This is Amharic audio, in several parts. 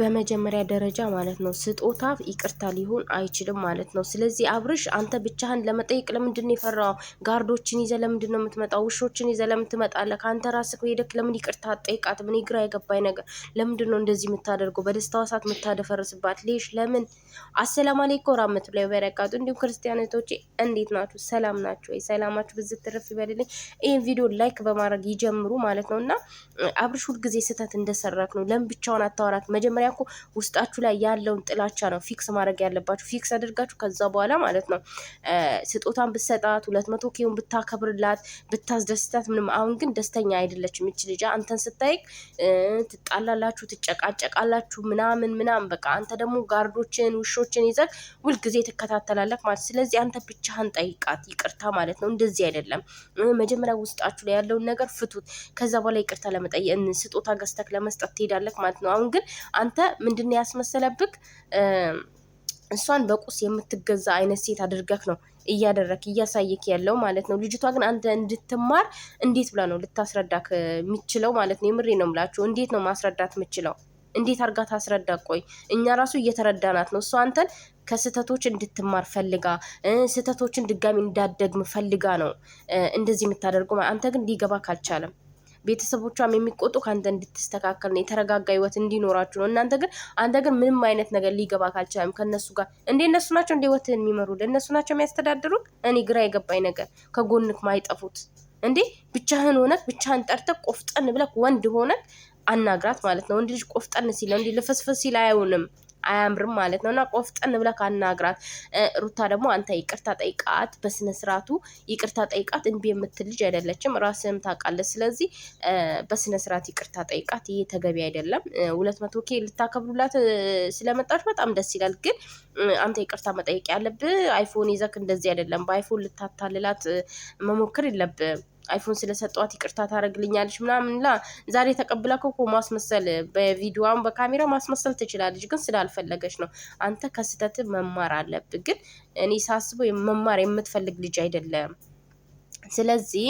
በመጀመሪያ ደረጃ ማለት ነው ስጦታ ይቅርታ ሊሆን አይችልም ማለት ነው። ስለዚህ አብርሽ አንተ ብቻህን ለመጠየቅ ለምንድን ነው የፈራው? ጋርዶችን ይዘህ ለምንድን ነው የምትመጣው? ውሾችን ይዘህ ለምን ትመጣለህ? ከአንተ ራስህ ሄደህ ለምን ይቅርታ ጠይቃት? ምን ግራ የገባኝ ነገር ለምንድን ነው እንደዚህ የምታደርገው? በደስታዋ ሰዓት የምታደፈርስባት ሌሽ ለምን? አሰላም አሌይኩም ላይ በረካቱ። እንዲሁም ክርስቲያኖቶቼ እንዴት ናችሁ? ሰላም ናችሁ ወይ? ሰላማችሁ ብዝት ትርፍ ይበልልኝ። ይህን ቪዲዮ ላይክ በማድረግ ይጀምሩ ማለት ነው እና አብርሽ ሁልጊዜ ስህተት እንደሰራክ ነው። ለምን ብቻውን አታወራት? መጀመሪያ መጀመሪያ እኮ ውስጣችሁ ላይ ያለውን ጥላቻ ነው ፊክስ ማድረግ ያለባችሁ። ፊክስ አድርጋችሁ ከዛ በኋላ ማለት ነው ስጦታን ብትሰጣት፣ ሁለት መቶ ኬውን ብታከብርላት፣ ብታስደስታት ምንም። አሁን ግን ደስተኛ አይደለችም ይች ልጅ። አንተን ስታይቅ ትጣላላችሁ፣ ትጨቃጨቃላችሁ ምናምን ምናምን። በቃ አንተ ደግሞ ጋርዶችን ውሾችን ይዘህ ሁልጊዜ ትከታተላለህ ማለት ስለዚህ አንተ ብቻህን ጠይቃት ይቅርታ ማለት ነው። እንደዚህ አይደለም። መጀመሪያ ውስጣችሁ ላይ ያለውን ነገር ፍቱት። ከዛ በኋላ ይቅርታ ለመጠየቅ ስጦታ ገዝተክ ለመስጠት ትሄዳለህ ማለት ነው። አሁን ግን አንተ አንተ ምንድን ያስመሰለብክ እሷን በቁስ የምትገዛ አይነት ሴት አድርገክ ነው እያደረክ እያሳየክ ያለው ማለት ነው። ልጅቷ ግን አንተ እንድትማር እንዴት ብላ ነው ልታስረዳክ የሚችለው ማለት ነው? የምሬ ነው ምላችሁ። እንዴት ነው ማስረዳት የምችለው? እንዴት አርጋ ታስረዳ? ቆይ እኛ ራሱ እየተረዳናት ነው። እሷ አንተን ከስህተቶች እንድትማር ፈልጋ ስህተቶችን ድጋሚ እንዳደግም ፈልጋ ነው እንደዚህ የምታደርገው። አንተ ግን ሊገባ ካልቻለም ቤተሰቦቿም የሚቆጡ ከአንተ እንድትስተካከል ነው፣ የተረጋጋ ህይወት እንዲኖራችሁ ነው። እናንተ ግን አንተ ግን ምንም አይነት ነገር ሊገባ ካልቻለም ከእነሱ ጋር እንዴ እነሱ ናቸው እንደ ህይወትህን የሚመሩ እነሱ ናቸው የሚያስተዳድሩ። እኔ ግራ የገባኝ ነገር ከጎንክ ማይጠፉት እንዴ ብቻህን ሆነክ ብቻህን ጠርተክ ቆፍጠን ብለክ ወንድ ሆነክ አናግራት ማለት ነው። ወንድ ልጅ ቆፍጠን ሲል እንዲ ልፍስፍስ ሲል አይሆንም። አያምርም ማለት ነው እና ቆፍጠን ብለህ ካናግራት። ሩታ ደግሞ አንተ ይቅርታ ጠይቃት፣ በስነ ስርዓቱ ይቅርታ ጠይቃት። እንቢ የምትል ልጅ አይደለችም፣ ራስህም ታውቃለህ። ስለዚህ በስነ ስርዓት ይቅርታ ጠይቃት። ይሄ ተገቢ አይደለም። ሁለት መቶ ኬ ልታከብሩላት ስለመጣች በጣም ደስ ይላል፣ ግን አንተ ይቅርታ መጠየቅ ያለብህ አይፎን ይዘክ እንደዚህ አይደለም። በአይፎን ልታታልላት መሞክር የለብህ አይፎን ስለሰጧት ይቅርታ ታደርግልኛለች ላ ዛሬ ተቀብላ ኮኮ ማስመሰል በቪዲዮም በካሜራ ማስመሰል ትችላለች፣ ግን ስላልፈለገች ነው። አንተ ከስህተት መማር አለብህ። ግን እኔ ሳስበው መማር የምትፈልግ ልጅ አይደለም። ስለዚህ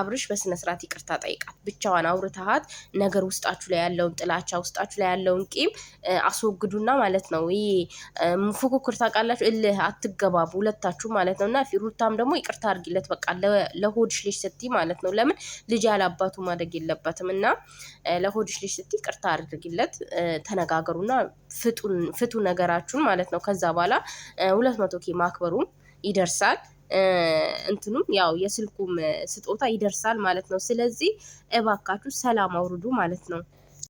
አብርሽ በስነ ስርዓት ይቅርታ ጠይቃት። ብቻዋን አውርታሃት ነገር ውስጣችሁ ላይ ያለውን ጥላቻ ውስጣችሁ ላይ ያለውን ቂም አስወግዱና ማለት ነው። ይሄ ፉክክር ታውቃላችሁ፣ እልህ አትገባቡ ሁለታችሁ ማለት ነው። እና ፊሩታም ደግሞ ይቅርታ አድርጊለት በቃ ለሆድሽ ልጅ ስቲ ማለት ነው። ለምን ልጅ ያላባቱ ማደግ የለበትም እና ለሆድሽ ልጅ ስቲ ይቅርታ አድርጊለት፣ ተነጋገሩና ፍቱ ነገራችሁን ማለት ነው። ከዛ በኋላ ሁለት መቶ ኬ ማክበሩን ይደርሳል። እንትኑም ያው የስልኩም ስጦታ ይደርሳል ማለት ነው። ስለዚህ እባካችሁ ሰላም አውርዱ ማለት ነው።